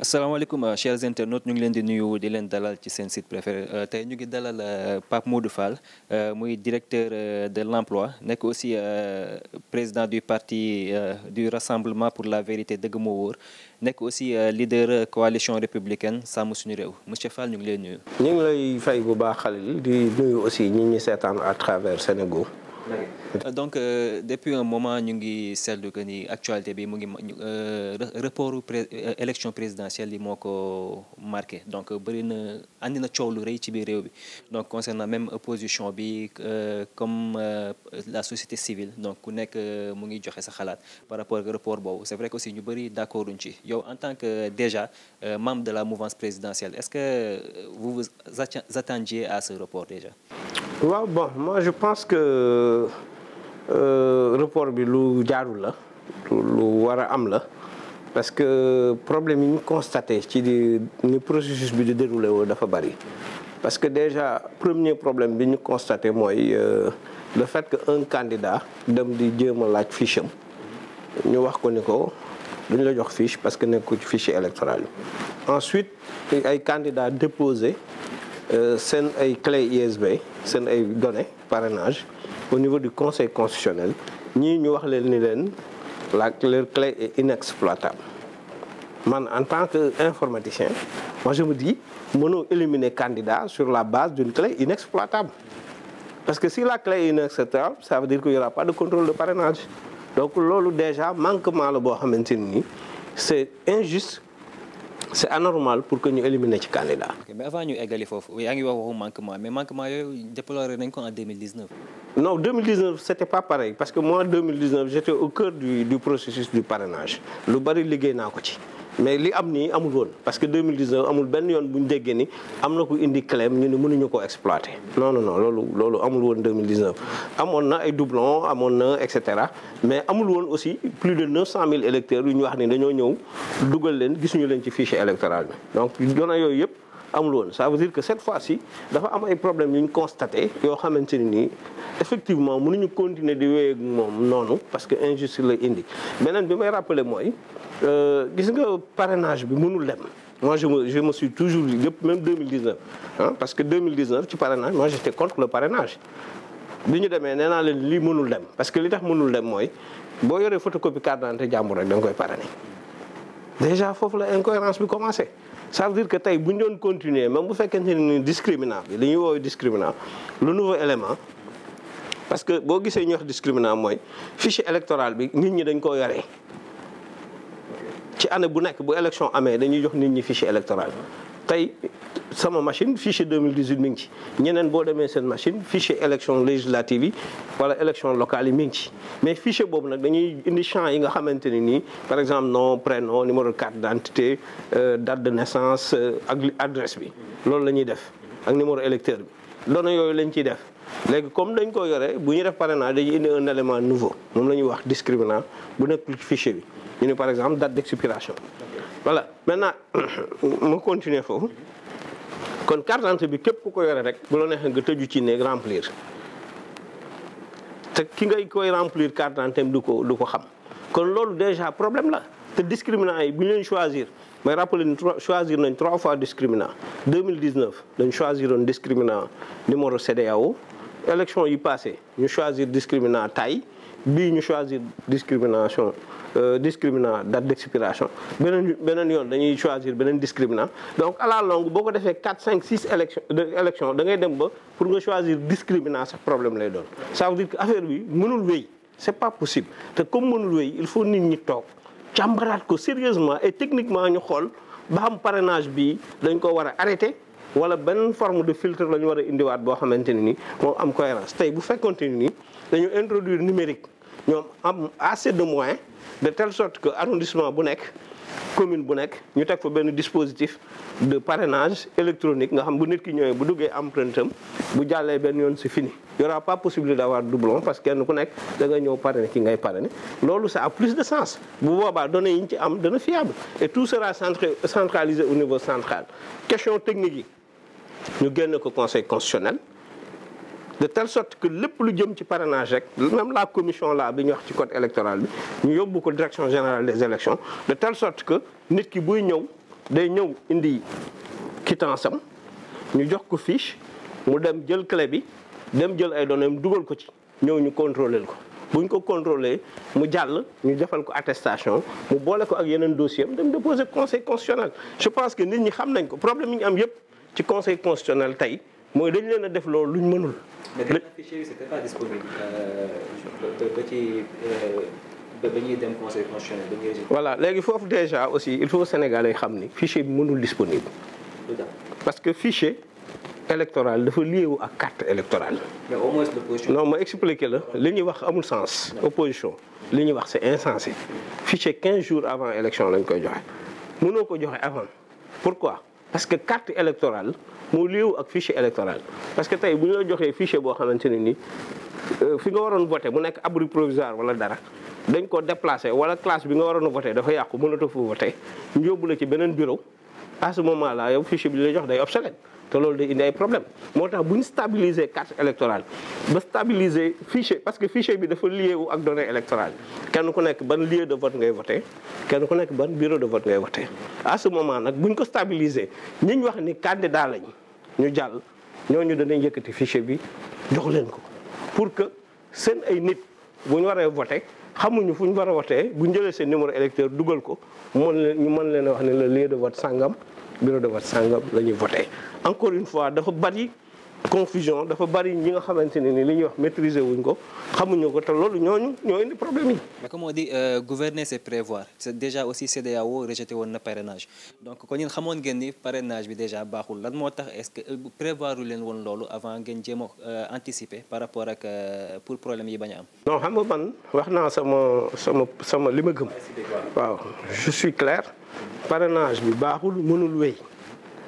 asalaamaaleykum euh, chers internautes ñu ngi leen di nuyu di leen dalal ci seen site préféré euh, tey ñu ngi dalal euh, Pape Modou Fall muy directeur de l'emploi nekk aussi président du parti du rassemblement pour la vérité dëgg moo nekk aussi leader coalition républicaine sàmm suñu réew monsieur fal ñu ngi leen nuyu. ñu ngi lay fay bu baax Khalil di nuyu aussi ñi ñi seetaan à travers Sénégal. Euh, donc euh, depuis un moment ñu ngi seetlu que ni actualité bi mu ngi euh, report pré euh, élection présidentielle yi moo ko marqué donc bëri na andi na coow lu rëy ci biir réew bi donc concernant même opposition bi euh, comme euh, la société civile donc ku nekk mu ngi joxe sa xalaat par rapport a report boobu c'est vrai que aussi ñu bëri d'accord uñ ci yow en tant que déjà membre de la mouvance présidentielle est-ce que vous vous attendiez à ce report déjà Euh, report bi lu jaarul la lu war a am la parce que problème yi ñu constaté ci di ni processus bi di déroulé woo dafa bari parce que déjà premier problème bi ñu constaté mooy euh, le fait que un candidat dem di jéem a laaj fiche ñu wax ko ni ko duñ la jox fiche parce que nekku ci fichier électoral yi ensuite ay candidat déposé euh, seen ay clé USB seen ay données parrainage au niveau du conseil constitutionnel ñii ñu wax leen ni leen la leur clé est inexploitable man en tant que informaticien moi je me dis mënoo éliminer candidat sur la base d'une clé inexploitable parce que si la clé est inacceptable ça veut dire qu'il n'y aura pas de contrôle de parrainage donc loolu déjà manquement la boo xamante ni c'est injuste c' est anormal pour que ñu éliminer ci candidat. ok mais avant ñu eggali foofu yaa ngi wax waxu manquement mais manquement yooyu déploré nañ ko en 2019. non pas pareil parce que moi 2019 j' au cœur du du processus du parrainage lu bari liggéey naa ko ci. mais li am nii amul woon parce que 2019 amul benn yoon bu ñu déggee ni am na ko indi claim ñu ne mënuñu ko exploiter. non no non loolu loolu amul woon 2019 amoon na ay doublons amoon na et cetera mais amul woon aussi plus de 900000 électeurs yu ñu wax ni dañoo ñëw dugal leen gisuñu leen ci fichier électoral bi donc doona yooyu yëpp. amul woon ça veut dire que cette fois-ci dafa am ay problèmes yu ñu constaté yoo xamante ni nii effectivement ñu continuer di wéy moom noonu parce que injustice lay indi. beneen bi may rappelé mooy euh, gis nga parenage bi mënul dem moi je me je me suis toujours dit yëpp même 2019 ah parce que 2019 ci parrainage moi j'étais contre le parrainage. bi ñu demee nee naa leen lii mënul lem parce que li tax mënul dem mooy boo yoree photocopie carte d'identité jàmbur rek da koy parrainer déjà foofu la incohérence bi commencé. ça veut dire que tey bu ñu doon continuer même bu fekkente ni discriminant bi li ñuy woowee discriminant le nouveau élément parce que boo gisee ñu wax discriminant mooy fichier électoral bi nit ñi dañ koo yoree ci année bu nekk bu élection amee dañuy jox nit ñi fichier électoral tey sama machine fichier 2018 mi ngi ci ñeneen boo demee seen machine fichier élection législative yi wala élection locale yi mi ngi ci mais fichier boobu nag dañuy indi champ yi nga xamante ne nii par exemple non nom prénom numéro carte d'identité euh, date de naissance euh, ak adresse bi loolu la ñuy def ak numéro électeur bi données yooyu lañ ciy def léegi comme dañ ko yore bu ñu def parrainage dañuy indi un élément nouveau moom la ñuy wax discriminant bu nekk fichier bi ñu ne par exemple date d'expiration voilà maintenant ma continuer foofu kon carte d'identité bi képp ku ko yore rek bu la neexee nga tëju ci ne remplir te ki ngay koy remplir carte d'identité du ko du ko xam kon loolu déjà problème la te discriminant yi bu ñu leen choisir may rappeler ni choisir nañ trois fois discriminant 2019 dañ choisiroon discriminant numéro CEDEAO élection yi passé ñu choisir discriminant taille bii ñu choisir discrimination euh, discriminant date d'expiration beneen beneen yoon dañuy choisir beneen discriminant donc à la boo ko defee 4 cinq 6 élection élection da ngay dem ba pour nga choisir discriminant sax problème lay doon ça veut dire que affaire bi mënul wéy c'est pas possible te comme mënul wéy il faut nit ñi toog càmbaraat ko sérieusement et techniquement ñu xool ba xam parrainage bi dañ ko war a arrêter wala benn forme de filtre la ñu war a indiwaat boo xamante ne ni moo am cohérence tey bu fekkonte ni dañu introduire numérique ñoom am assez de moins de telle sorte que arrondissement bu nekk commune bu nekk ñu teg fa benn dispositif de parenage électronique nga xam bu nit ki ñëwee bu duggee empreinte bu jàllee benn yoon c'est fini y aura pas possibilité d'avoir doublon parce que kenn ku nekk da nga ñëw parrainé ki ngay parrainé loolu ça a plus de sens bu boobaa données yi ñu ci am dana fiable et tout sera centré centralisé au niveau central question technique yi ñu génn ko conseil constitutionnel de telle sort que lépp lu jëm ci parrainage rek même la commission là bi ñu wax ci code électoral bi ñu yóbbu ko direction générale des élections de telle sorte que nit ki buy ñëw day ñëw indi quittance am ñu jox ko fiche mu dem jël clé bi dem jël ay données mu dugal ko ci ñëw ñu contrôler ko bu ñu ko contrôler mu jàll ñu defal ko attestation mu boole ko ak yeneen dossier am dem déposer conseil constitutionnel je pense que nit ñi xam nañ ko problème yi ñu am yëpp ci conseil constitutionnel tey mooy dañu leen a def loolu luñ mënul. mais les fichiers ci euh, ba ñuy dem conseil constitutionnel ba léegi foofu déjà aussi il faut Sénégalais xam ni fichier bi mënul disponible. parce que fichier électoral dafa lié wu ak carte électorale. mais au moins l'opposition. non ma expliqué la li ñuy wax amul sens. opposition li ñuy wax c'est insensé. fichier quinze jours avant élection lañ koy joxe mënoo ko joxe avant pourquoi parce que carte électorale. moo liiw ak fichier électoral parce que tey bu ñu la joxee fichier boo xamante ne ni euh, fi nga waroon voté mu nekk abri provisoire wala dara dañ ko déplacé wala classe bi nga waroon a dafa yàqu mënatoo fa voté ñu yóbbu la ci beneen bureau à ce moment là yow fichier bi la jox day obsolète te loolu day indi ay problème moo tax bu ñu stabiliser carte électorale ba stabiliser fichier parce que fichier bi dafa lié wu ak données électorales kenn ku nekk ban lieu de vote ngay voté kenn ku nekk ban bureau de vote ngay voté à ce moment nag bu ñu ñi ñu wax ni candidat lañ ñu jàll ñooñu danañ yëkkati fichier bi jox leen ko pour que seen ay nit bu ñu waree voté xamuñu fu ñu war a votee bu ñu jëlee seen numéro électeur dugal ko mën leen ñu mën leen a wax ne le lieu de vote sàngam bureau de vote sangam la ñuy voté encore une fois dafa bari confusion dafa bari ñi nga xamante ne ni li ñuy wax maitriser wuñ ko xamuñoo ko te loolu ñooñu ñoo indi problème yi. mais comme on dit euh, gouverner c'est prévoir c'est déjà aussi CEDEAO rejeté woon na parrainage donc kon ñun xamoon ngeen ni parrainage bi déjà baaxul lan moo tax est-ce que euh, prévoir lu leen woon loolu avant ngeen jéem a euh, anticiper par rapport ak euh, pour problème yi bañ a am. non xam nga man wax naa sama sama sama li ma gëm. waaw je suis bi baaxul mënul wéy.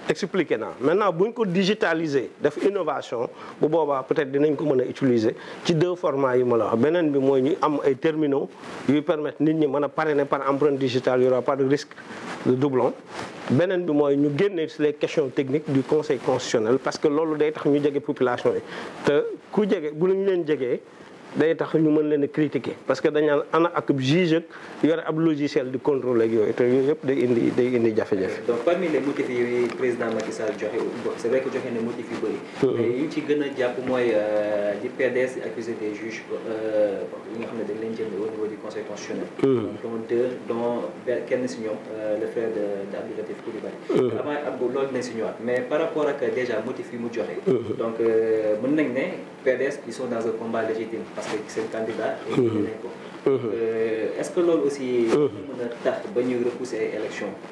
expliqué naa maintenant bu ñu ko digitaliser def innovation bu boobaa peut-être dinañ ko mën a utiliser ci deux formats yi ma la wax beneen bi mooy ñu am ay terminaux yuy permettre nit ñi mën a pare ne par empreinte digitale y aura pas de risque de doublon beneen bi mooy ñu génne les question techniques du conseil constitutionnel parce que loolu day tax ñu jege population yi te ku jege bu ñu leen jegee day tax ñu mën leen a parce que dañ naan ana ak juge ak yore ab logiciel di contrôler yooyu te yooyu yëpp indi day indi jafe-jafe. donc parmi les motifs yi président Macky Sall joxe c'est vrai que joxe na motif yu bëri. Mm-hmm. yi ci gën a jàpp mooy euh, di PDS accusé des juges euh, yi nga xam ne dañ leen jënd au niveau du conseil constitutionnel. Mm-hmm. donc deux dont kenn si ñoom euh, le frère de de Abdou Latif Coulibaly. Mm-hmm. avant ab loolu dinañ si ñëwaat mais par rapport ak déjà motif yi mu joxe. donc mën nañ ne. PDS qui sont dans un parce que seen candidat éligible nañ ko est-ce que loolu aussi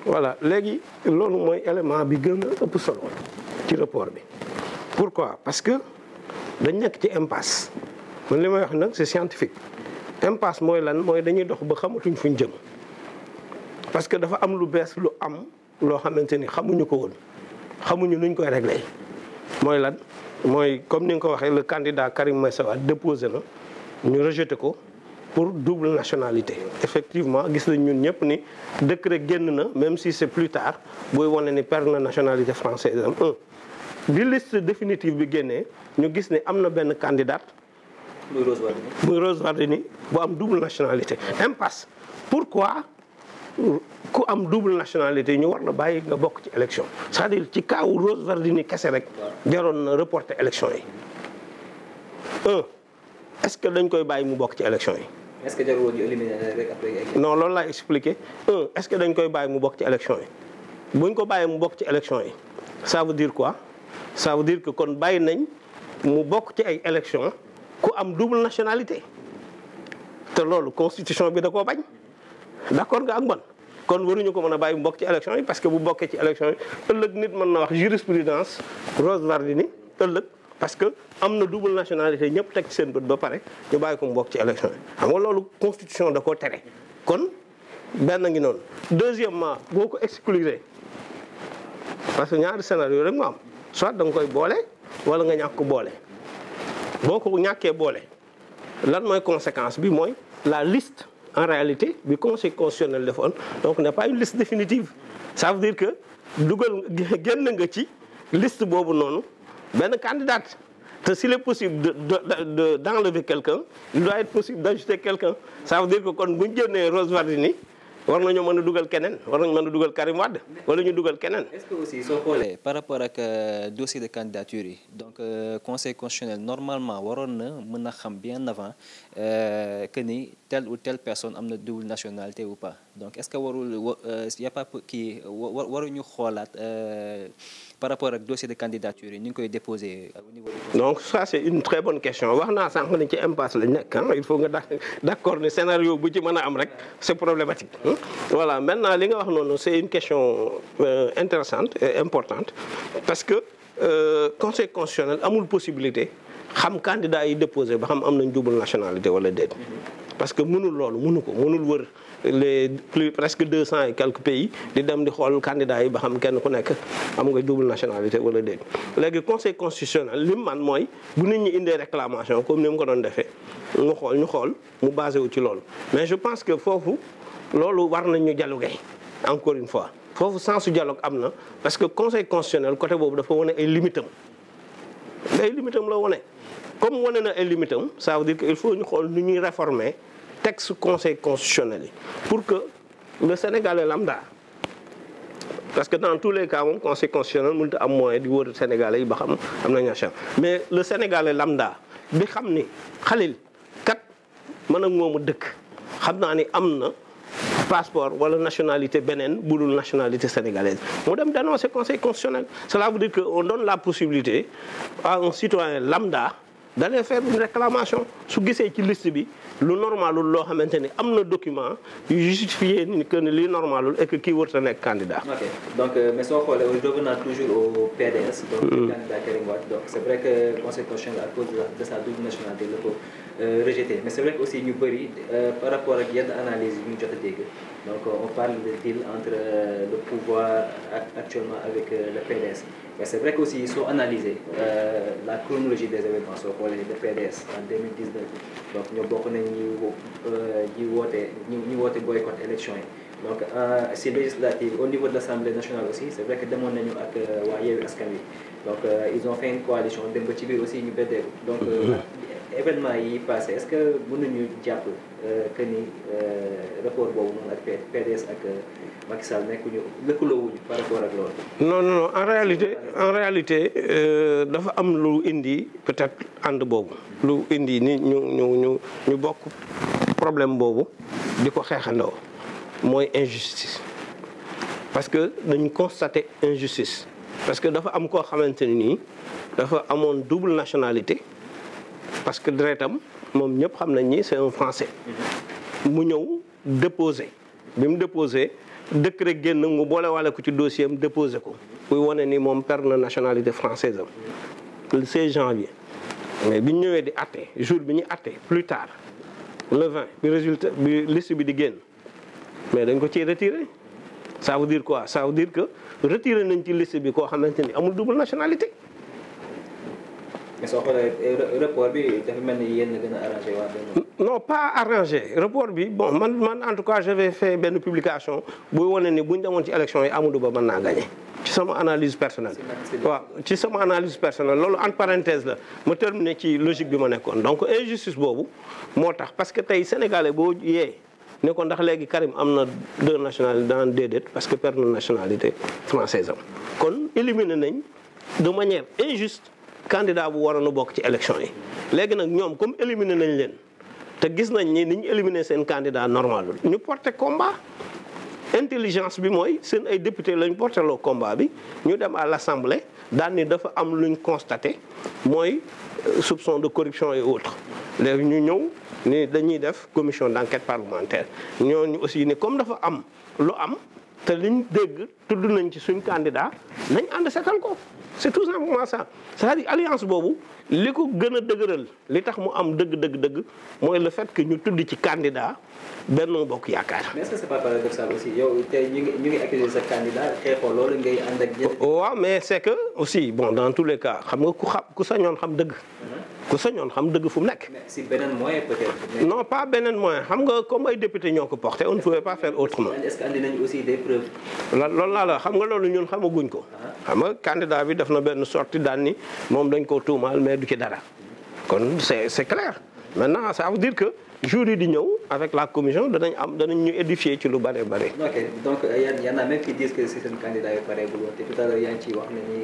voilà léegi loolu mooy élément bi gën a ëpp solo ci rapport bi pourquoi parce que dañ nekk ci impasse man li may wax nag c'est scientifique impasse mooy lan mooy dañuy dox ba xamatuñ fuñ jëm parce que dafa am lu bees lu am loo xamante ni xamuñu ko woon xamuñu nuñ koy réglé mooy lan mooy comme ni nga ko waxee le candidat Karim Meïssa Wade déposé na ñu rejeté ko pour double nationalité effectivement gis nañ ñun ñëpp ni décret génn na même si c'est plus tard booy wane ni per na nationalité française am un bi liste définitive bi génnee ñu gis ni am na benn candidat muy Rose Wardini muy Rose Wardini bu am double nationalité impasse pourquoi ku am double nationalité ñu war la bàyyi nga bokk ci élection c'est-à-dire ci kaawu Rose Wardini kese rek jaroon na reporter élection yi un est-ce que dañ koy bàyyi mu bokk ci élection yi est que jarul woon ñu non loolu laay expliqué un est-ce que dañ koy bàyyi mu bokk ci élection yi buñ ko bàyyi mu bokk ci élection yi ça veut dire quoi ça veut que kon bàyyi nañ mu bokk ci ay élection ku am double nationalité te loolu constitution bi da koo bañ d'accord nga ak man kon waruñu ko mën a bàyyi bu bokk ci élection yi parce que bu bokkee ci élection yi ëllëg nit mën na wax jurisprudence Rose Wardini ëllëg parce que am na double nationalité ñëpp teg ci seen bët ba pare ñu bàyyi ko mu bokk ci élection yi xam nga loolu constitution da koo tere kon benn ngi noonu deuxièmement boo ko exclure parce que ñaari scénario rek mu am soit da nga koy boole wala nga ñàkk boole boo ko ñàkkee boole lan mooy conséquence bi mooy la liste en réalité bi conseil constitutionnel defoon donc ne pas une liste définitive ça veut dire que dugal génn nga ci liste boobu noonu benn candidate te s'il est possible de de d'enlever quelqu'un il doit être possible d'ajouter quelqu'un ça veut dire que kon bu ñu jënnee Rose Wardini war nañoo mën a dugal keneen war mën a dugal Karim Wade wala ñu dugal keneen. est xoolee eh, par rapport ak euh, dossier de candidature yi donc euh, conseil normalement waroon na mën a xam bien avant euh, que ni tel ou tel personne am na double nationalité ou pas donc est-ce que warul wa y a pas kii waruñu xoolaat. par rapport ak dossier de candidature ñu ngi koy déposé euh, au niveau donc ça c' est une très bonne question wax naa sànq ne ci impasse lañ nekk ah il faut nga d' accord ne scénario bu ci am rek c' est problématique voilà maintenant li nga wax noonu c' est une question euh, intéressante et importante parce que euh, conseil constitutionnel amul possibilité xam candidat yi déposé ba xam am nañ double nationalité wala déet mm-hmm. parce que mënul loolu mënu ko mënul wër les plus presque deux cent et quelques pays di dem di xool candidat yi ba xam kenn ku nekk am nga double nationalité wala déet. léegi conseil constitutionnel lim mu man mooy bu nit ñi indee réclamation comme ni mu ko doon defee mu xool ñu xool mu basé wu ci loolu mais je pense que foofu loolu war nañ ñu dialoguer encore une fois foofu sens su dialogue am na parce que conseil constitutionnel côté boobu dafa wane ay limitam ay la wane. comme wane na ay limitam ça veut dire que faut ñu xool nu ñuy réformer texte conseil constitutionnel yi pour que le sénégalais lambda parce que dans tous les cas moom conseil constitutionnel mënut am moyen di wër sénégalais yi ba xam am na ñaar mais le sénégalais lambda bi xam ni xalil kat mën ak dëkk xam naa ni am na passeport wala nationalité beneen bu nationalité sénégalaise mu dem dénoncer conseil constitutionnel cela veut dire que on donne la possibilité à un citoyen lambda d'aller faire une réclamation su gisee ci liste bi lu normalul loo xamante ni am na document yu justifié ni que li normalul et que kii wër sa nekk candidat. ok donc euh, mais soo xoolee je revenais toujours au PDS. donc mm. candidat vrai que conseil constitutionnel à cause de sa double nationalité euh, aussi ñu bëri euh, par rapport ak yenn analyse yu ñu jot a donc euh, on parle de deal entre euh, le pouvoir actuellement avec euh, le PDS mais c'est vrai que aussi soo analyser la chronologie des événements soo xoolee le PDS en 2019 donc ñoo bokk nañ ñi ñi woote ñi woote boycott élection yi donc si législative au niveau de l'Assemblée nationale aussi c'est vrai que demoon nañu ak waa Yewwi Askan Wi donc ils ont fait une coalition dem ci biir aussi ñu beddeeku donc événement yi passé est-ce que mënuñu jàpp euh, que ni euh, rapport boobu moom ak PDS ak euh, Macky Sall nekkuñu lëkkaloowuñu par rapport ak loolu. non non en réalité en réalité dafa am lu indi peut-être ànd boobu. lu indi ni ñu ñu ñu ñu bokk problème boobu di ko xeexandoo mooy injustice parce que dañu constater injustice. parce que dafa am koo xamante nii dafa amoon double nationalité. parce que deretam moom ñëpp xam nañ ni c'est un français. mu ñëw déposé. bi mu déposé décret génn mu boole wàlle ko ci dossier am déposé ko. kuy wone ni moom perd na nationalité française am. le 16 janvier. mais bi ñu ñëwee di àtte jour bi ñu àtte plus tard le 20 bi résultat bi di génn mais dañ ko ciy retiré. ça veut dire quoi ça veut dire que retiré nañ ci liste bi koo xamante ni amul double nationalité. mais a arrangé waa benn. non pas arrangé report bi bon man man en tout cas je vais faire benn publication buy wane ni bu ñu demoon ci élection yi Amadou Ba man naa gagné. ci sama analyse personnelle. waaw ci sama analyse personnelle loolu entre parenthèse la ma terminer ci logique bi ma nekkoon donc injustice boobu moo tax parce que tey sénégalais boo yee. ne ko ndax léegi Karim am na de nationalités dans déedéet parce que perd na nationalité française am kon éliminer nañ de manière injuste candidat bu waroon a bokk ci élection yi. léegi nag ñoom comme éliminer nañ leen te gis nañ ni ni ñu éliminer seen candidat normalul ñu porté combat. intelligence bi mooy seen ay député lañ porteloo combat bi ñu dem à l'assemblée daan ni dafa am luñ constaté mooy euh, soupçon de corruption et autres léegi ñu ñëw ni dañuy def commission d'enquête parlementaire ñooñu aussi ni comme dafa am lu am te liñ dégg tudd nañ ci suñ candidat nañ ànd setal ko c'est tout simplement ça c'est-à-dire alliance boobu li ko gën a dëgëral li tax mu am dëgg dëgg dëgg mooy le fait que ñu tudd ci candidat Benno Bokk Yaakaar. mais est yow tey ñu ngi waaw mais c'est que aussi bon dans tous les cas xam nga ku xam ku sañoon xam dëgg. Mm-hmm. ku sa ñoon xam dëgg fu mu nekk. si beneen moyen peut pas beneen moyen xam nga comme ay député ñoo ko porté on ne pouvait pas faire autrement. est-ce que andi nañu aussi des preuves. la xam nga loolu ñun xamaguñ ko. Ah. xam nga bi def na benn sorti daan ni moom dañ koo tuumaal mais du ci dara kon c'est c'est clair. maintenant ça veut dire que jour di ñëw avec la commission danañ am danañ ñu édifier ci lu bare bare. ok donc euh, y en a même yu pare ciy wax ne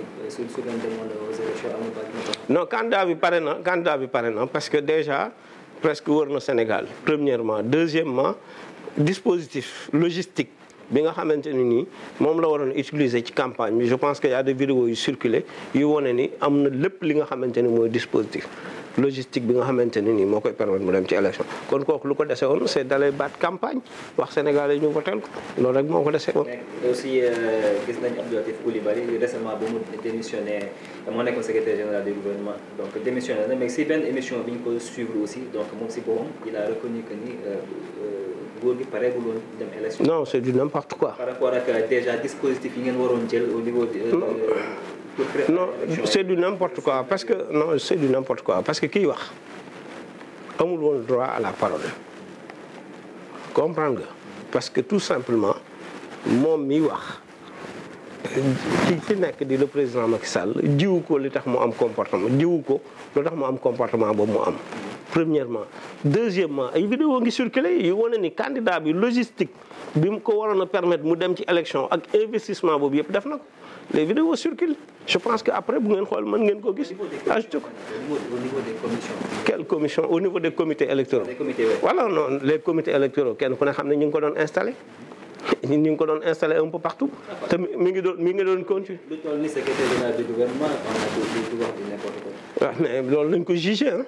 ni euh, euh, bi pare na candidat bi pare na parce que déjà presque wër na Sénégal premièrement deuxièmement dispositif logistique. bi nga xamante ni nii moom la waroon utiliser ci campagne bi je pense que y a des vidéos yu circulé yu wone ni am na lépp li nga xamante ni mooy dispositif logistique bi nga xamante ne nii moo koy permettre mu dem ci élection kon kooku lu ko dese woon c' dalay baat campagne wax Sénégalais ñu votel ko loolu rek moo ko dese woon. aussi euh, gis nañu Abdou Latif Coulibaly récemment ba mu démissionné moo nekkoon secrétaire général du gouvernement donc démissionné na mais si benn émission bi ñu ko suivre aussi donc moom si boppam il reconnu que ni. Euh, euh, góor gi dem élection. non c' du n' importe quoi. par rapport non c'est du n'importe quoi parce que non c'est du n'importe quoi parce que kiy wax amul woon droit à la parole comprendre nga parce que tout simplement moom miy wax ki ci nekk di le président Macky Sall jiwu ko li tax mu am comportement jiwu ko lu tax mu am comportement boobu mu am premièrement deuxièmement ay vidéo ngi circulé yu wane ni candidat bi logistique bi mu ko waroon a permettre mu dem ci élection ak investissement boobu yëpp def na ko les vidéos circulent je pense que aprè bu ngeen xool mën ngeen ko gis ajouté ah, ko quelle commission au niveau des comités électoraux voilà non les comités électoraux kenn ku ne xam ne ni ngi ko doon installé ñu ngi ko doon installé un po partout te mi ngi doon mi ngi doon continuer waaw ah, mais loolu lañ ko jugé ah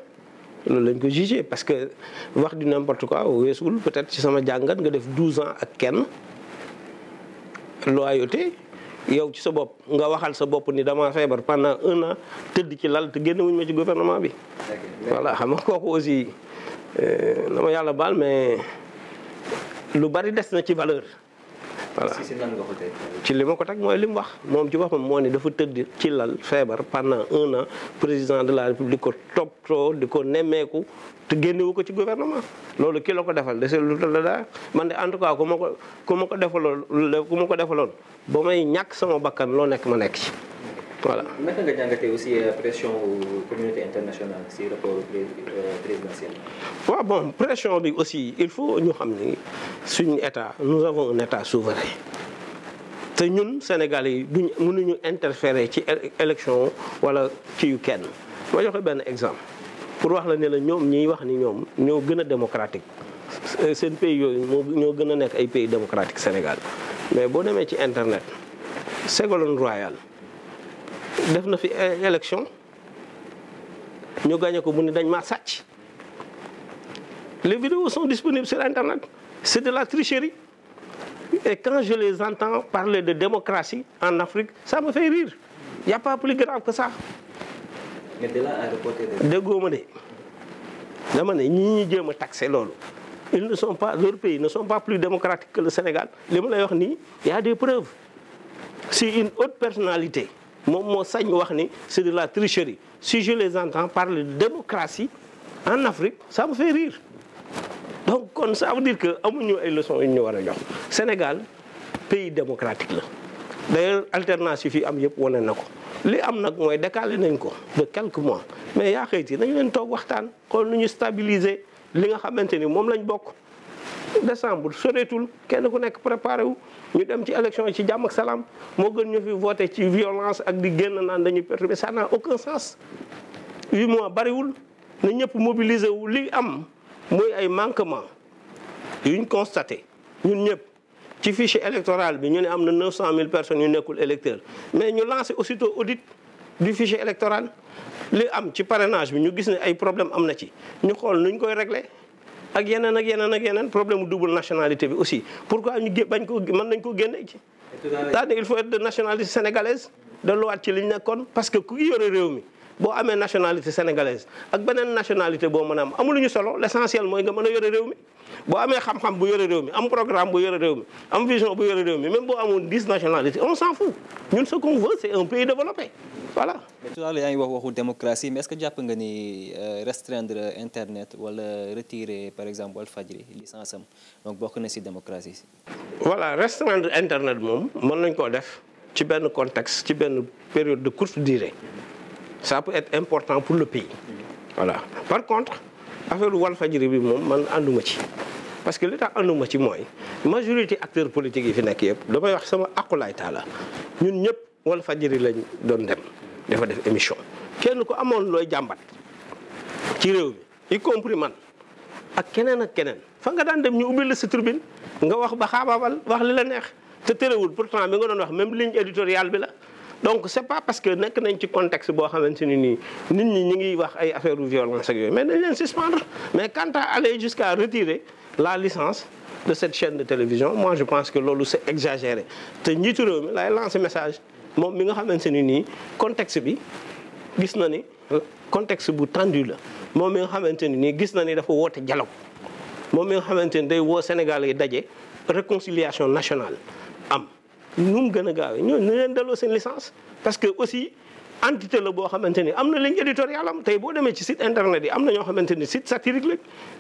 loolu lañ ko jugé parce que wax du n'importe quoi weesul peut-être ci sama jàngat nga def 12 ans ak kenn yow ci sa bopp nga waxal sa bopp ni dama feebar pendant un an tëdd ci lal te génne wuñ ma ci gouvernement bi. voilà xam nga kooku aussi euh, na ma yàlla bal mais lu bari des na ci valeur. voilà ci li ma ko teg mooy li wax moom ci boppam moo ni dafa tëdd ci lal feebar panna un an président de la république ko toppatoo di ko nemmeeku te génnewu ko ci gouvernement loolu ki ko defal dese lu la daa man de en tout cas ku ma ko ku ma ko defaloon ku ma ko defaloon ba may ñàkk sama bakkan loo nekk ma nekk ci voilà. naka nga jàngatee aussi euh, si rapport euh, présidentiel. waaw bon pression bi aussi il faut ñu xam ni suñu état nous avons un état souverain te ñun Sénégalais yi duñ mënuñu interférer ci élection wala ci yu kenn. ma joxe benn exemple pour wax la ne la ñoom ñiy wax ni ñoom ñoo gën a démocratique seen pays yooyu moo ñoo gën a nekk ay pays démocratique Sénégal mais boo demee ci internet Ségolène Royal. def na fi élection ñu gagné ko mu ne dañ maa sàcc les vidéos sont disponibles sur internet c'est de la tricherie et quand je en entends parler de démocratie en Afrique ça me fait rire y a pas plus grave que ça déggoo ma de dama ne ñi ñuy jéem a taxé loolu ils ne sont pas leurs pays ne sont pas plus démocratiques que le Sénégal li ma lay y a des preuves si une haute personnalité moom moo sañ wax ni c'est de la tricherie si je les entends parler de démocratie en Afrique ça me fait riir donc kon ça veut dire que amuñu ay leçons yu ñu war a jox Sénégal pays démocratique la d'ailleurs alternance yi fi am yëpp wane na ko li am nag mooy décalé nañ ko de quelques mois mais yaa xëyti nañ leen toog waxtaan ko nu ñu stabiliser li nga xamante ni moom lañ bokk décembre soreetul kenn ku nekk préparé wu ñu dem ci élection yi ci jàmm ak salaam moo gën ñu fi voté ci violence ak di génn naan dañuy perturbé ça n'a aucun sens. huit mois bariwul na ñëpp mobiliser wu li am muy ay manquement yuñ constaté ñun ñëpp ci fichier électoral bi ñu ne am na 900000 personnes yu nekkul électeur mais ñu lancé aussitôt audit du fichier électoral li am ci parrainage bi ñu gis ne ay problème am na ci ñu xool nuñ koy réglé. ak yeneen ak yeneen ak yeneen problème mu double nationalité bi aussi pourquoi ñu bañ ko mën nañ ko génne ci daane il faut être de nationalité sénégalaise delluwaat ci li ñu nekkoon parce que ku yore réew mi boo amee nationalité sénégalaise ak beneen nationalité boo mën a am solo l' essentiel mooy nga mën a yore réew mi boo amee xam-xam bu yore réew mi am programme bu yore réew mi am vision bu yore réew mi même boo amoon dix nationalités on s'en fout ñun ce qu'on veut voilà. mais tout à l'heure yaa ngi wax waxu démocratie mais est jàpp nga ni euh, restreindre internet wala retirer par exemple Walfadjri licence am donc bokk na ci démocratie. voilà restreindre internet moom mën nañ koo def ci benn contexte ci benn période de courte durée ça peur être important pour le pays. voilà par contre affaire Walfadjri bi moom man ànduma ci. parce que li tax ànduma ci mooy majorité acteurs politiques yi fi nekk yëpp damay wax sama akulaay taala ñun ñëpp. wal fajiri lañ doon dem dafa def émission kenn ku amoon looy jàmbat ci réew mi y compris man ak keneen ak keneen fa nga daan dem ñu ubbil la sa tribune nga wax ba xaabaabal wax li la neex te terewul pourtant bi nga doon wax même ligne éditoriale bi la donc c'est pas parce que nekk nañ ci contexte boo xamante ne nii nit ñi ñu ngi wax ay affaire u violence ak yooyu mais dañ leen suspendre mais quant à aller jusqu'à retirer la licence de cette chaîne de télévision moi pense que loolu c'est exagéré te njiitu message moom mi nga xamante ni nii contexte bi gis na ni contexte bu tendu la moom mi nga xamante ni nii gis na ni dafa woote dialogue moom mi nga xamante ni day woo Sénégal yi daje réconciliation nationale am nu mu gën a gaawee ñoo ñu leen delloo seen licence parce que aussi entité la boo xamante ni am na ligne éditoriale am tey boo demee ci site internet yi am na ñoo xamante ni site satirique la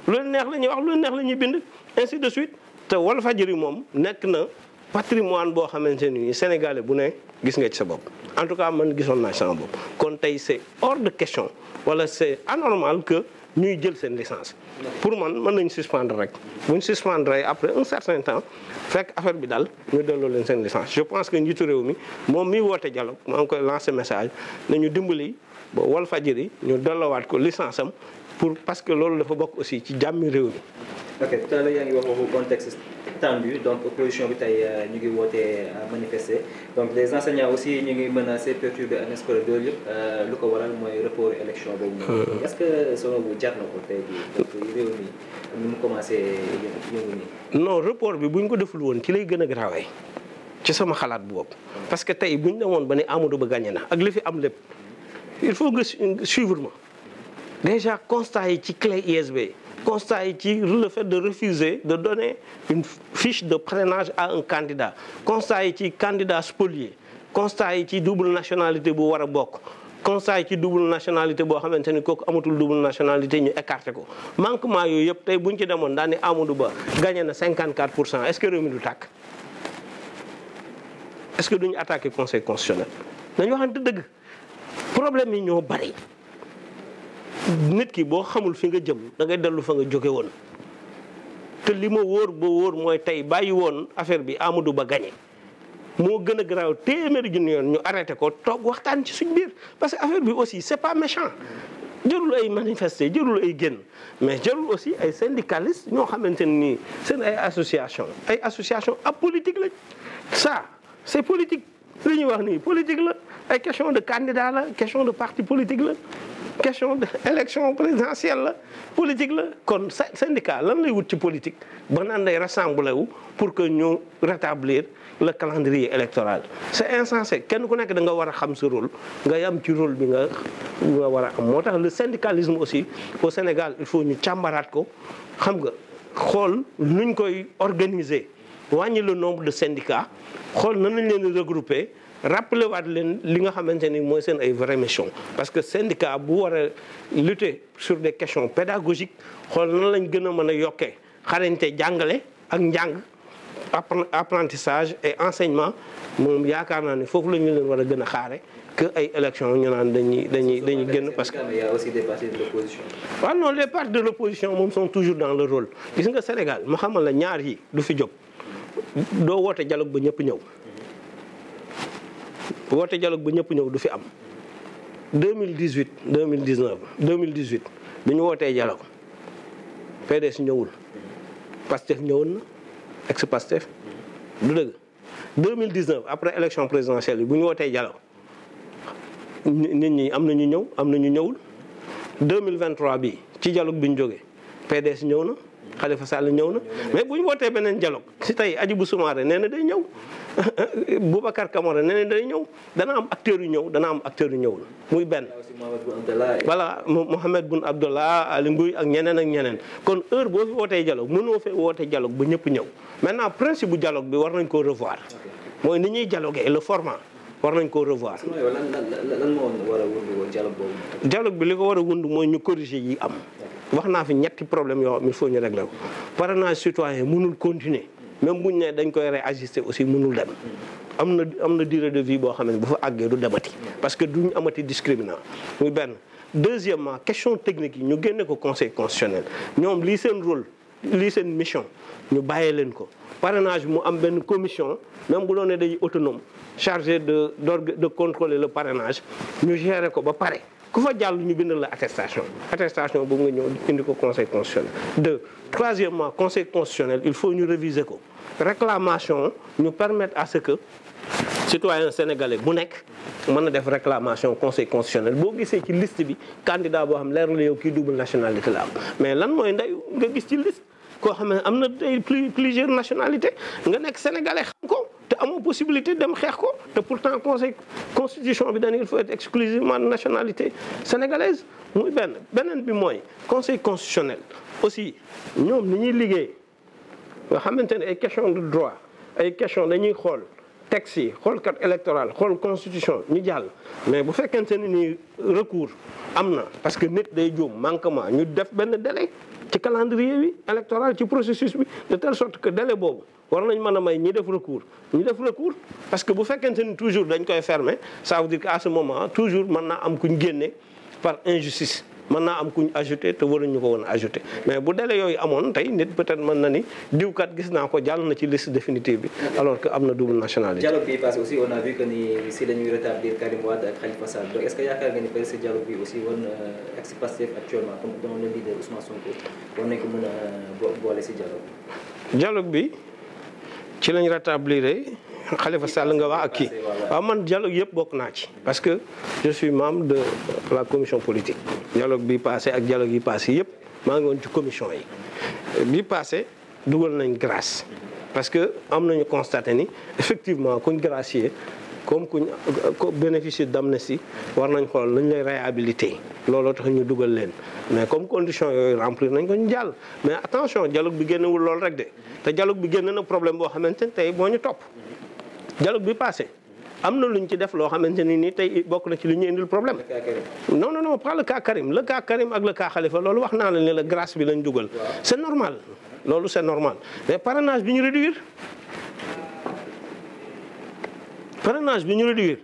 lu leen neex la ñuy wax lu leen neex la ñuy bind ainsi de suite te Walfadjri moom nekk na patrimoine boo xamante ni Sénégalais bu ne gis nga ci sa bopp en tout cas man gisoon naa ci sama bopp kon tey c'est hors de question wala c'est anormal que ñuy jël seen licence pour man mën nañ suspendre rek bu ñu suspendre rek après un certain temps fekk affaire bi daal ñu delloo leen seen licence je pense que njiitu réew mi moom mi woote dialogue maa ngi koy lancer message ñu dimbali ba Walfadjri ñu delloowaat ko licence am pour parce que loolu dafa bokk aussi ci jàmmi réew mi. ok yaa ngi wax waxu contexte bi donc opposition bi tey euh, ñu ngi wootee euh, manifester donc des enseignants aussi ñu ngi menacé perturbé année scolaire loolu yëpp euh, lu ko waral mooy report élection boobu noonu. que selon vous jar na ko commencé yëngu nii. bi bu ñu ko deful woon ci lay gën a garaawee ci sama xalaat boobu. Hmm. parce que tey bu ñu woon ba ne Amadou Ba gagné na ak li fi am lépp il faut nga suivre déjà constat yi ci clé USB constat yi ci le fait de refuser de donner une fiche de parrainage à un candidat constat yi ci candidat spolié constat yi ci double nationalité bu war bokk constat yi ci double nationalité boo xamante ni kooku amatul double nationalité ñu écarté ko manquement yooyu yëpp tey buñ ci demoon daal ni Amadou Ba gagné na 54 pour cent est-ce que réew mi du tàkk est-ce que duñu attaqué conseil constitutionnel dañu waxante dëgg problème yi ñoo bari nit ki boo xamul fi nga jëm da ngay dellu fa nga jóge woon te li ma wóor ba wóor mooy tey bàyyi woon affaire bi Amadou Ba gagné moo gën a garaaw téeméeri junni yoon ñu arrêté ko toog waxtaan ci suñ biir parce que affaire bi aussi c'est pas méchant jërul ay manifester jërul ay génn mais jërul aussi ay syndicalistes ñoo xamante nii seen ay association ay association apolitique lañ ça c'est politique li ñuy wax nii politique la ay question de candidat la question de parti politique la question de élection présidentielle la politique la kon syndicat lan lay wut ci politique ba naan day rassembler wu pour que ñu rétablir la calendrier électoral c'est insensé kenn ku nekk da nga war a xam sa rôle nga am ci rôle bi nga nga war a am moo tax le syndicalisme aussi au Sénégal il faut ñu càmbaraat ko xam nga xool nuñ koy organiser wàññi le nombre de syndicats xool nan lañ leen regrouper rappelé waat leen li nga xamante ni mooy seen ay vraie mission parce que syndicat bu war a lutter sur des questions pédagogiques xool nan lañ gën a mën a yokkee xarañte jàngale ak njàng apprentissage et enseignement moom yaakaar naa ne foofu la ñu leen war a gën a xaare que ay élections ñu naan dañuy dañuy dañuy génn parce que. waaw non les part de l'opposition moom sont toujours dans le rôle. gis nga Sénégal ma xamal la ñaar yi du fi jóg doo woote dialogue ba ñëpp ñëw. bu woote dialogue ba ñëpp ñëw du fi am 2018 2019 2018 bi ñu wootee dialogue PDS ñëwul Pastef ñëwoon na ex Pastef du dëgg 2019 après élection présidentielle bi bu ñu wootee dialogue nit ñi am na ñu ñëw am na ñu ñëwul 2023 bi ci dialogue bi ñu jógee PDS ñëw na Khalifa Sall ñëw na mais bu ñu wootee beneen dialogue si tey Hadjibou Soumaré nee na day ñëw Boubacar Camara nee nañ day ñëw dana am acteur yu ñëw dana am acteur yu ñëwul muy benn. voilà Mohamed Boun Abdallah Ali Nguy ak ñeneen ak ñeneen kon heure boo fi wootee dialogue mënoo fee woote dialogue ba ñëpp ñëw maintenant principe bu dialogue bi war nañ koo revoir mooy ni ñuy dialoguer le format. war nañ koo revoir. dialogue bi li ko war a wund mooy ñu corriger yi am. wax naa fi ñetti problème yoo xam il faut ñu régler ko parrainage citoyen mënul continuer. même buñ ne dañ koy réajuster aussi mënul dem am na am na durée de vie boo xam ne bu fa àggee du demati parce que duñ amati discriminant muy benn deuxièmement question technique yi ñu génne ko conseil constitutionnel ñoom lii seen rôle lii seen mission ñu bàyyee leen ko parrainage bi mu am benn commission même bu doon ne day autonome chargé de de contrôler la parrainage ñu gérer ko ba pare ku fa jàll ñu bind la attestation attestation boobu nga ñëw indi ko conseil constitutionnel deux troisièmement conseil constitutionnel il faut ñu réviser ko réclamation ñu permettre à ce que citoyen sénégalais bu nekk mën na def réclamation conseil constitutionnel boo gisee ci liste bi candidat boo xam leer la yow kii double nationalité la am mais lan mooy nday nga gis ci liste koo xam ne am na ay plusieurs nationalité nga nekk sénégalais ko te amoo possibilité dem xeex ko te pourtant conseil constitution bi dañu il faut être exclusivement nationalité sénégalaise muy benn beneen bi mooy conseil constitutionnel aussi ñoom ni ñuy liggéey nga xamante ne ay question de droit ay question dañuy xool texte yi xool carte électorale xool constitution ñu jàll mais bu fekkente ne ni recours am na parce que nit day juum manquement ñu def benn délai ci calendrier bi électoral ci processus bi de telle sorte que délai boobu war nañ mën a may ñi def recours ñi def recours parce que bu fekkente ni toujours dañ koy fermer ça veut dire que à ce moment toujours mën na am kuñ génne par injustice mën naa am kuñ ajouté te waruñu ko woon ajouté mais bu délai yooyu amoon tey nit peut-être mën na ni diwkat gis naa ko jàll na ci liste définitive bi alors que am na double nationalité. dialogue bi passé aussi on a vu que ni si lañuy rétablir Karim Wade ak Khalifa Sall donc est-ce que yaakaar nga na euh, ex-Pastef si dialogue bi. dialogue bi ci lañ rétablir Khalifa Sall nga wax ak kii waaw man dialogue yëpp bokk naa ci parce que je membre de la commission politique dialogue bi passé ak dialogue yi passé yëpp maa ngi woon ci commission yi bi passé dugal nañ grace parce que am nañu constaté ni effectivement kuñ gracier comme kuñ bénéficier d'amnistie war nañ xool lañ lay réhabilité looloo tax ñu dugal leen mais comme condition yooyu remplir nañ ko ñu jàll mais attention dialogue bi génnewul lool rek te dialogue bi génn na problème boo xamante ne tey moo ñu topp dialogue bi passé am na lu ñu ci def loo xamante ni nii tey bokk na ci lu ñu indil problème. non non non pas le cas Karim le cas Karim ak le cas Khalifa loolu wax naa la ne la grâce bi lañ dugal. c'est normal loolu c'est normal mais parrainage bi ñu réduire. bi ñu réduire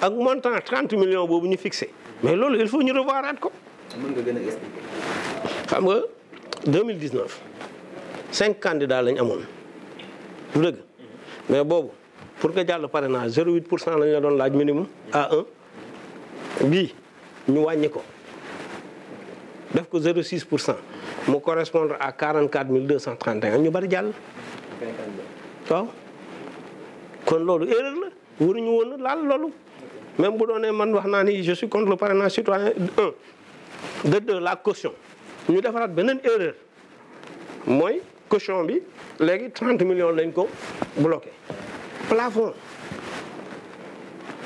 ak montant 30 million boobu ñu fixé mais loolu il faut ñu revoiraat ko. mën nga gën a expliquer. xam nga cinq candidats lañ amoon du dëgg mais boobu. pour nga jàll parrainage 0,8 pour cent lañ la doon laaj minimum A1 bii ñu wàññi ko def ko 0,6 pour cent mu correspondre à 44 231 ñu bari jàll. waaw kon loolu erreur la waruñu woon laal loolu même bu doonee man wax naa ni je suis contre le parrainage citoyen un de deux la ñu defaraat beneen erreur mooy caution bi léegi 30 millions lañ ko bloqué. plafond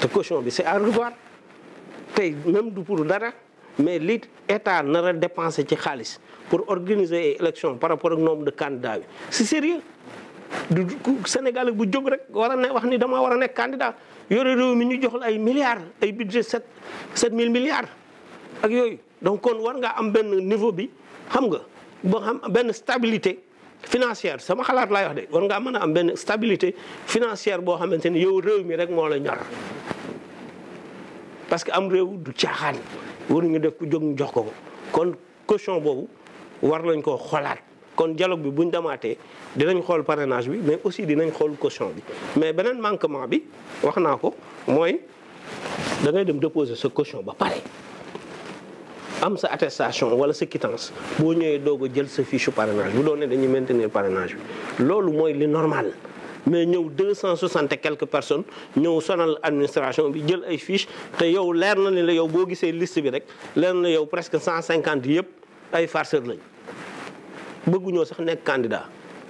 te caution bi c'est à revoir tey même du pour dara mais li état nar a dépensé ci xaalis pour organiser ay élection par rapport ak nombre de candidats bi c'est sérieux du Sénégal bu jóg rek war a ne wax ni dama war a nekk candidat yore réew mi ñu jox la ay milliards ay budget sept sept mille milliards ak yooyu donc kon war nga am benn niveau bi xam nga boo xam benn stabilité financière sama xalaat laay wax de war ngaa mën a am benn stabilité financière boo xamante ni yow réew mi rek moo la ñor parce que am réew du caaxaan war waruñu def ku jóg ñu jox ko ko kon caution boobu war nañ ko xolaat kon dialogue bi buñ demaatee dinañ xool parrainage bi mais aussi di nañ xool caution bi mais beneen manquement bi wax naa ko mooy da dem déposer sa caution ba pare am sa attestation wala sa quittance boo ñëwee doog jël sa fiche parrainage bu doon ne dañuy maintenir parrainage bi loolu mooy li normal mais ñëw deux cent soixante et quelques personnes ñëw sonal administration bi jël ay fiche te yow leer na ne la yow boo gisee liste bi rek leer na yow presque cent cinquante yëpp ay farceur lañ bëgguñoo sax nekk candidat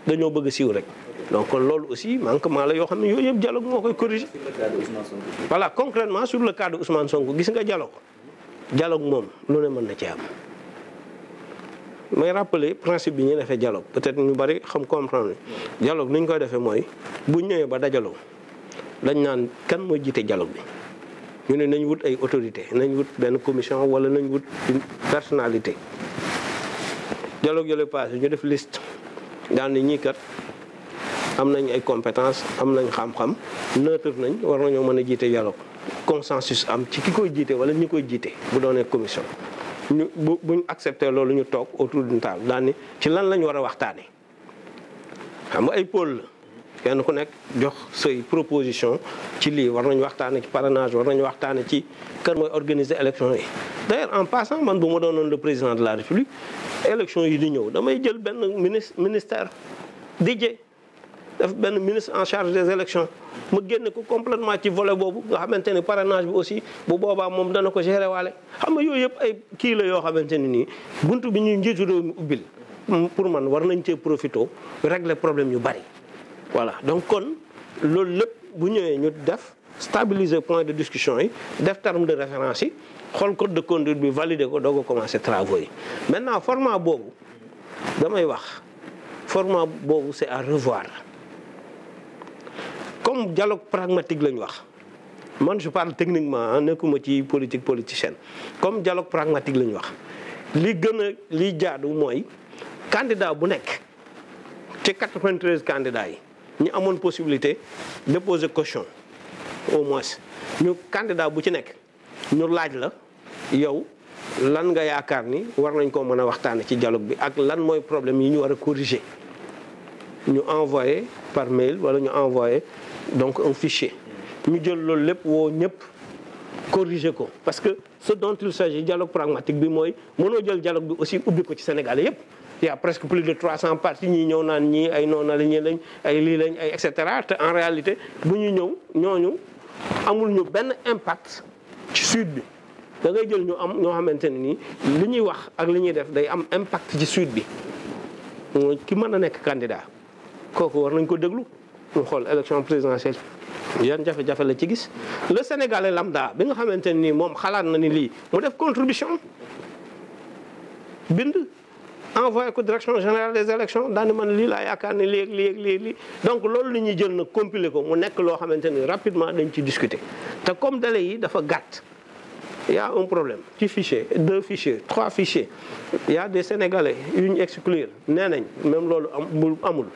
dañoo bëgg siiw rek donc loolu aussi manquement la yoo xam ne yooyu yëpp dialogue moo koy corriger voilà concrètement sur le cas gis nga dialogue dialogue moom lu ne mën na ci am may rappeler principe bi ñuy defee dialogue peut-être ñu bari xam comprendre dialogue ni koy defee mooy bu ñëwee ba dajaloo dañ naan kan mooy jiite dialogue bi ñu ne nañu wut ay autorité nañ wut benn commission wala nañ wut une personnalité dialogue yooyu passé ñu def list daan ni ñii kat am nañ ay compétence am nañ xam-xam neutre nañ war nañoo mën a jiite dialogue consensus am ci ki koy jiite wala ñi koy jiite bu doonee commission ñu bu buñ accepté loolu ñu toog autour d'une table daal ni ci lan lañ war a waxtaanee xam nga ay pole la kenn ku nekk jox say proposition ci lii war nañ waxtaane ci parrainage war nañ waxtaane ci kër mooy organiser élection yi d'ailleurs en passant man bu ma doonoon le président de la république élection yi di ñëw damay jël benn ministre ministère di def benn ministre en charge des élections mu génne ko complètement ci vole boobu nga xamante ni parrainage bi aussi bu boobaa moom dana ko gérer waale xam nga yooyu yëpp ay kii la yoo xamante ne nii bunt bi ñuy njiitu réew mi ubbil pour man war nañ cee profito régler problème yu bari voilà donc kon loolu lépp bu ñëwee ñu def stabiliser point de discussion yi def terme de référence yi xool code de conduite bi valider ko doog ko commencer travaux yi maintenant format boobu damay wax format boobu c'est à revoir comme dialogue pragmatique lañ wax man je parle techniquement nekkuma ci politique politicienne comme dialogue pragmatique lañ wax li gën a li jaadu mooy candidat bu nekk ci 93 candidats yi ñu amoon possibilité déposer caution au moins ñu candidat bu ci nekk ñu laaj la yow lan nga yaakaar ni war nañ koo mën a waxtaane ci dialogue bi ak lan mooy problème yi ñu war a corriger ñu envoyé par mail wala ñu envoyé donc un fichier ñu jël loolu lépp woo ñëpp corriger ko parce que ce dont il s'agit dialogue pragmatique bi mooy mënoo jël dialogue bi aussi ubbi ko ci Sénégal yëpp il y a presque plus de 300 partis ñii ñëw naan ñii ay noona la ñi lañ ay lii lañ ay et te en réalité bu ñu ñëw ñooñu amul ñu benn impact ci sud bi da ngay jël ñu am ñoo xamante ne nii li ñuy wax ak li ñuy def day am impact ci sud bi mooy ki mën a nekk candidat kooku war nañ ko déglu ñu xool élection présidentielle yan jafe-jafe la ci gis le sénégalais lambda bi nga xamante nii moom xalaat na ni lii mu def contribution bind envoyé ko direction générale des élections daani man lii laa yaakaar ne léegi léegi léegi donc loolu la ñu jël nag compiler ko mu nekk loo xamante ni rapidement dañ ci discuter te comme délai yi dafa gàtt y a un problème ci fichier deux fichiers trois fichiers ya a des sénégalais yu ñu exclure nee nañ même loolu am amul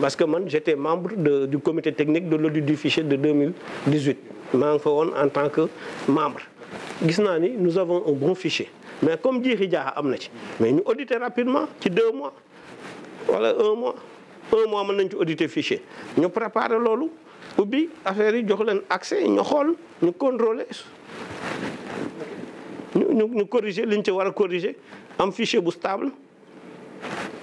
parce que man j'étais membre de, du comité technique de l'audit du fichier de 2018 maa ngi fa woon en tant que membre gis naa ni nous avons un bon fichier mais comme jiixi jaaxa am na ci mais ñu auditer rapidement ci deux mois wala voilà, un mois un mois mën nañ ci auditer fichier ñu préparer loolu ubbi affaire yi jox leen accès ñu xool ñu contrôler ñu ñu corriger liñ ci war a corriger am fichier bu stable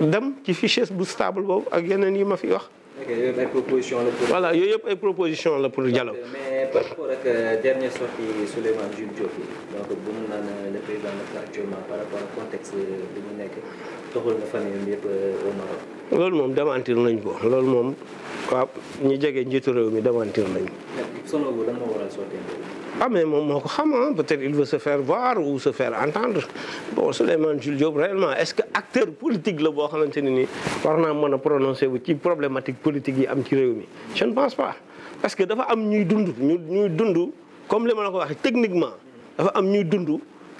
dem ci fichier bu stable boobu ak yeneen yi ma fi wax. ok yooyu yëpp ay proposition la pour. voilà yooyu yëpp ay proposition la pour dialogue. mais par rapport ak euh, dernière sortie Souleymane Jules Diop donc bu mu naan euh, le président Macky actuellement par rapport ak contexte euh, bi mu nekk taxul na famille yëpp au Maroc. loolu moom démentir nañ ko loolu moom. waaw ñu jege njiitu réew mi demantir lañu. ah mais moom moo ko xam ah, peut-être il veut se faire voir ou se faire entendre bon Souleymane Jules Diop réellement est-ce que acteur politique la boo xamante war naa mën a prononcer wu ci problématique politique yi am ci réew mi je ne pense pas parce que dafa am ñuy dund ñu ñuy dund comme li ma la ko waxee techniquement dafa am ñuy dund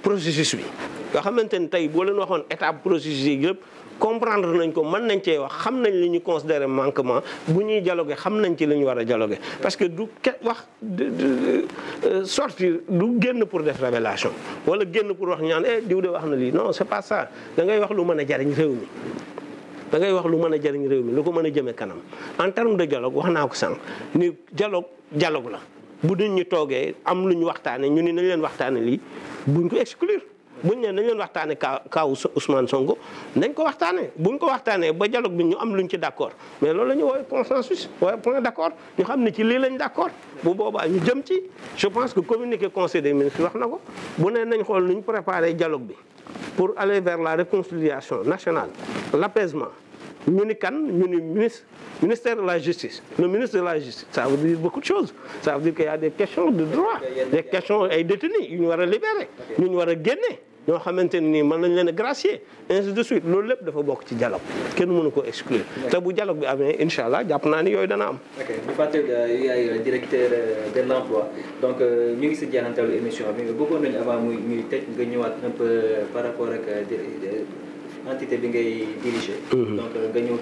processus bi nga xamante tey boo waxoon étape processus yi yëpp comprendre nañ ko mën nañ cee wax xam nañ li ñu considéré manquement bu ñuy dialogué xam nañ ci li ñu war a dialogué parce que du ke wax euh, sortir du génn pour def révélation wala génn pour wax ñaan eh, diw de wax na lii non c'est pas ça ngay wax lu mën a jariñ réew mi da ngay wax lu mën a jariñ réew mi lu ko mën a jëmee kanam en de dialogue wax naa ko sànq ni dialogue dialogue la bu nit ñu toogee am lu ñu waxtaanee ñu ni nañ leen waxtaanee lii buñ ko exclure buñ ne nañ leen waxtaanee ka kaawu Ousmane Sonko nañ ko waxtaanee buñ ko waxtaanee ba dialogue bi ñu am luñ ci d' accord mais loolu la ñu woowee consensus woowee point d' accord ñu xam ne ci lii lañ d' accord bu boobaa ñu jëm ci je pense que communiqué conseil des ministres wax na ko bu ne nañ xool luñ préparé dialogue bi pour aller vers la réconciliation nationale l' apaisement ñu ni kan ñu ni ministre ministère de la justice le ministre de la justice ça veut dire beaucoup de choses ça veut dire que y a des questions de droit des questions ay détenus yu ñu war a libérer ñu ñu war a génne ñoo xamante ne nii mën nañ leen a gracier ainsi de suite loolu lépp dafa bokk ci dialogue kenn mënu ko exclure te bu dialogue bi amee incha allah jàpp naa ni yooyu dana am ok euh, euh, euh, ñu fàttali yaay directeur de l' ngi si jeexantalu émission bi bëggoon nañu avant nga ñëwaat un par rapport ak entité bi ngay diriger mm-hmm. donc nga ñëw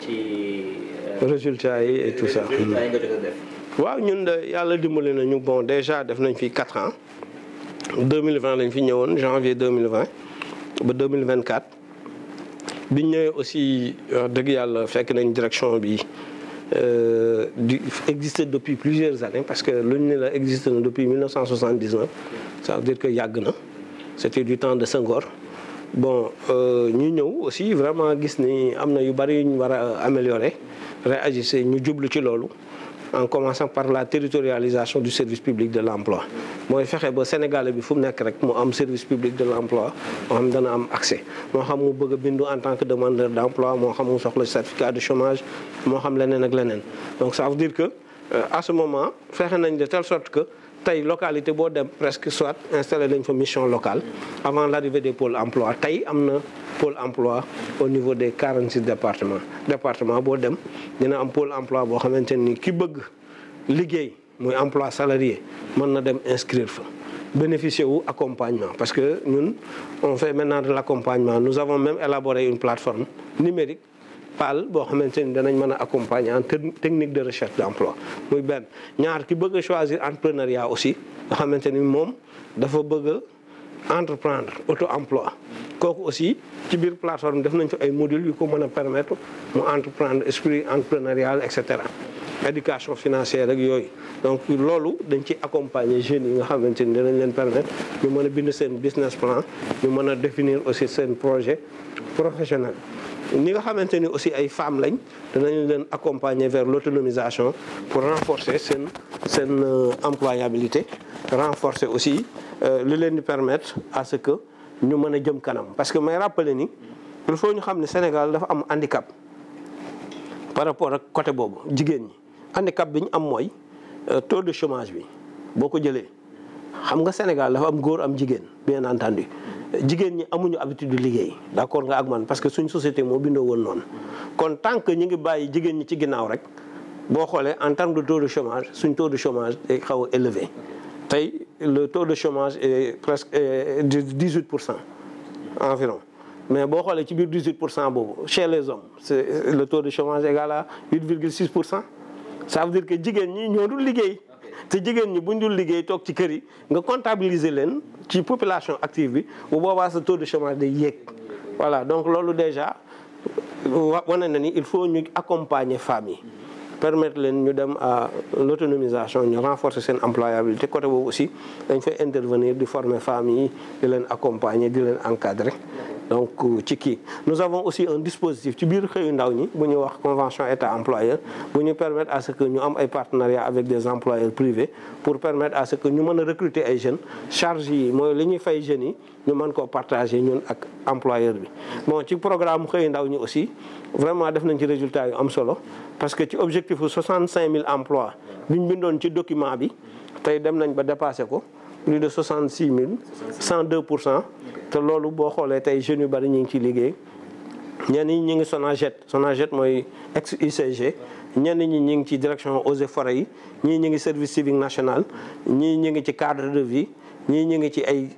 ci résultat yi yi nga mm-hmm. jot a def waaw ñun de yàlla dimbali nañu bon déjà def nañ fi quatre ans 2020 lañ fi ñëwoon janvier 2020 ba 2024 biñ ñëwee aussi euh, dëgg yàlla fekk nañ direction bi euh, di exister depuis plusieurs années parce que lu ñu ne la existé na depuis 1979 ça veut dire que yàgg na c'était du temps de Senghor bon euh, ñu ñëw aussi vraiment gis ni am na yu bari yu ñu war a améliorer réagir ñu jublu ci loolu en commençant par la territorialisation du service public de l'emploi mooy fexe ba Sénégalais bi fu mu nekk rek mu am service public de l'emploi moo xam dana am accès moo xam mu bëgg bindu en tant que demandeur d'emploi moo xam mu soxla certificat de chômage moo xam leneen ak leneen donc ça veut dire que euh, à ce moment fexe nañ de telle que tey localité boo dem presque soit installé nañ fa mission locale avant l'arrivée des pôles emploi tey am na pôle emploi au niveau des 46 départements département boo dem dina am pôle emploi boo xamante ni ki bëgg liggéey muy emploi salarié mën na dem inscrire fa bénéficier wu accompagnement parce que ñun on fait maintenant de l'accompagnement nous avons même élaboré une plateforme numérique PAL boo xamante ni danañ mën a accompagner en technique de recherche d' emploi muy benn ñaar ki bëgg a choisir entrepreneuriat aussi nga xamante ni moom dafa bëgg a entreprendre auto emploi kooku aussi ci biir plateforme def nañ fi ay modules yu ko mën a permettre mu entreprendre esprit entrepreneurial et cetera éducation financière rek yooyu donc loolu dañ ci accompagner jeunes yi nga xamante ni danañ leen permettre ñu mën a bind seen business plan ñu mën a définir aussi seen projet professionnel ñi nga xamante ni aussi ay femmes lañ danañu leen accompagner vers l'autonomisation pour renforcer seen seen euh, employabilité renforcer aussi euh, li leen di permettre à ce que ñu mën a jëm kanam parce que may rappeler ni il faut ñu xam ne Sénégal dafa am handicap par rapport ak côté boobu jigéen ñi handicap bi ñu am mooy euh, taux de chômage bi boo ko jëlee xam nga Sénégal dafa am góor am jigéen bien entendu jigéen ñi amuñu habitude liggéey d'accord nga ak man parce que suñ société moo bindoo woon noonu kon tant que ñu ngi bàyyi jigéen ñi ci ginnaaw rek boo xoolee en terme de taux de chômage suñ taux de chômage est xaw tey le taux de chômage est presque de 18 pour cent environ mais boo xoolee ci biir 18 pour cent boobu chez les hommes c'est le taux de chômage égal à 8,6 pour ça veut que jigéen ñi ñoo dul liggéey te jigéen ñi bu ñu dul liggéey toog ci kër yi nga comptabiliser leen ci population active bi bu boobaa sa taux de chômage de yéeg. voilà donc loolu déjà wane na ni il faut ñu accompagner femmes yi leen ñu dem à l'autonomisation ñu renforce seen employabilité côté boobu aussi dañ fay intervenir di former femmes yi di leen accompagner di leen encadrer. donc euh, ci kii nous avons aussi un dispositif ci biir xëyu ndaw ñi bu ñu wax convention état employeur bu ñu permettre a ce que ñu am ay partenariat avec des employeurs privés pour permettre à ce que ñu mën a recruter ay jeunes charge yi mooy li ñuy fay jeunes yi ñu mën koo partager ñun ak employeur bi bon ci programme xëyu ndaw ñi aussi vraiment def nañ ci résultat yu am solo parce que ci objectif 65000 emplois bi ñu bindoon ci document bi tey dem nañ ba dépassé ko plus de mille cent deux pour cent te loolu boo xoolee tey jeunes yu bari ñu ngi ciy liggéey ñenn ñi ñu ngi Sonaget Sonaget mooy ex UCG ñenn ñi ñu ngi ci direction eaux et forêts yi ñii ñu ngi service civique national ñii ñu ngi ci cadre de vie ñii ñu ngi ci ay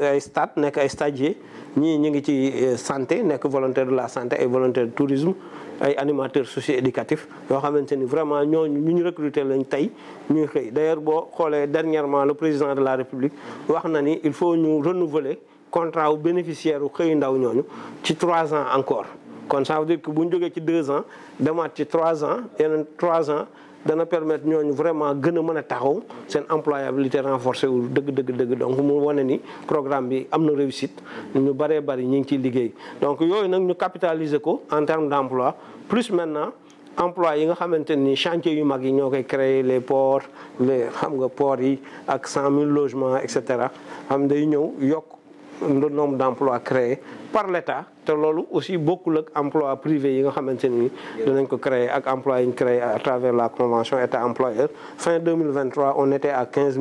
ay stade nekk ay stagiaires ñii ñu ngi ci euh, santé nekk volontaire de la santé ay volontaire de tourisme ay animateurs socio-éducatifs yoo xamante ni vraiment ñooñu ñu ñu recruter lañ tey ñuy xëy d'ailleurs boo xoolee dernièrement le président de la République wax na ni il faut ñu renouveler contrat wu bénéficiaire wu xëy ndaw ñooñu ci trois ans encore kon ça veut dire que bu ñu jógee ci deux ans demaat ci trois ans yeneen trois ans dana permettre ñooñu vraiment gën a mën a taxaw seen employabilité renforcée wu dëgg dëgg dëgg donc mu wane ni programme bi am na réussite ñu bëree bëri ñu ngi ciy liggéey donc yooyu nag ñu capitaliser ko en terme d' emploi plus maintenant emploi yi nga xamante ni chantier yu mag yi ñoo koy créer les ports les xam nga ports yi ak cent mille logements et cetera xam day ñëw yokk le nombre d'emplois créés par l'État te loolu aussi bokkul ak emploi privé yi nga xamante ni dinañ ko créer ak emploi yi créé travers la convention État employeur fin 2023 on était à 15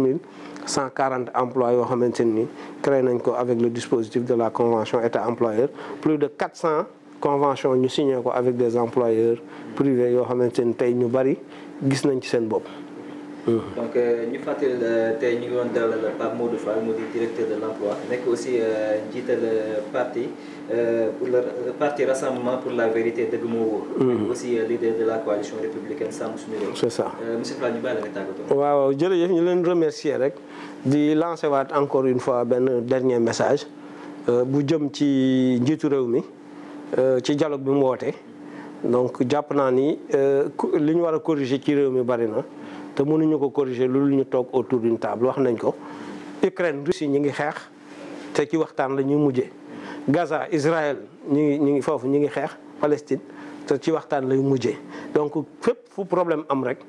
140 emplois yoo xamante ni créé nañ ko avec le dispositif de la convention État employeur plus de 400 convention ñu signé ko avec des employeurs privés yoo xamante ni tey ñu bari gis nañ ci seen bopp Euh. donc euh, ñu fàttali tey ñu ngi doon dalal Pape nekk aussi euh, njiital parti pour le parti la vérité dëgg mm. la coalition républicaine sàmm suñu réew. jërëjëf ñu leen remercier rek di lancer waat encore une fois benn dernier message bu jëm ci njiitu réew mi ci dialogue bi mu woote donc jàpp naa ni li ñu war a corriger ci réew mi bari na. te mënuñu ko corriger loolu ñu toog autour d'une table wax nañ ko Ukraine Russie ñi ngi xeex te ci waxtaan la ñu mujjee Gaza Israël ñi ngi ñi ngi foofu ñi ngi xeex Palestine te ci waxtaan lay mujje donc fépp fu problème am rek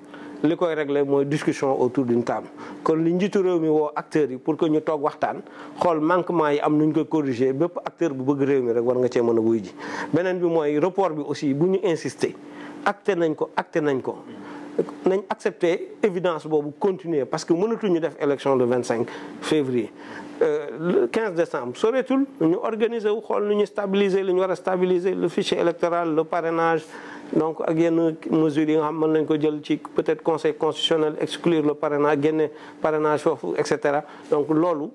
li koy régler mooy discussion autour d'une table kon li njiitu réew mi woo acteurs yi pour que ñu toog waxtaan xool manquement yi am nuñ koy corriger bépp acteur bu bëgg réew mi rek war nga cee mën a wuy ji beneen bi mooy report bi aussi bu ñu insister acté nañ ko acté nañ ko nañ accepter évidence boobu continuer parce que ñu def élection le 25 février. Euh, le 15 décembre soreetul ñu organiser wu xool nu ñu stabiliser li ñu war a stabiliser le fichier électoral le parenage donc ak yenn mesures yi nga xam mën nañ ko jël ci peut-être conseil constitutionnel exclure le parrainage génne parrainage foofu et cetera donc loolu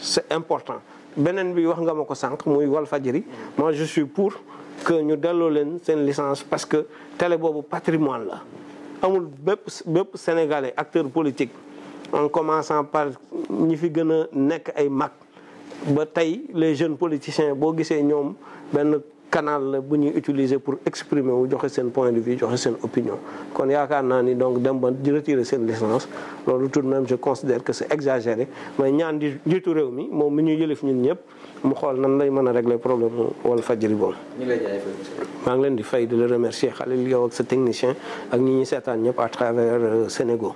c'est important beneen bi wax nga ma ko sànq muy Walfadjri moi je suis pour que ñu delloo leen seen licence parce que télé boobu patrimoine la amul bépp bépp sénégalais acteur politique en commençant par ñi fi gën a nekk ay mag ba tey les jeunes politiciens boo gisee ñoom benn canal la bu ñuy utiliser pour exprimer wu joxe seen point de vue joxe seen opinion kon yaakaar naa ni donc dem ba di retirer seen licence loolu tout de même je considère que c'est exagéré mais ñaan di njiitu réew mi moom mu ñuy ñu yëlif ñun ñëpp mu xool nan lay mën a régler problème wal fajri boobu. maa ngi leen di fay di la remercier Khalil yow ak sa technicien ak ñi ñuy seetaan ñëpp à travers euh, Sénégal.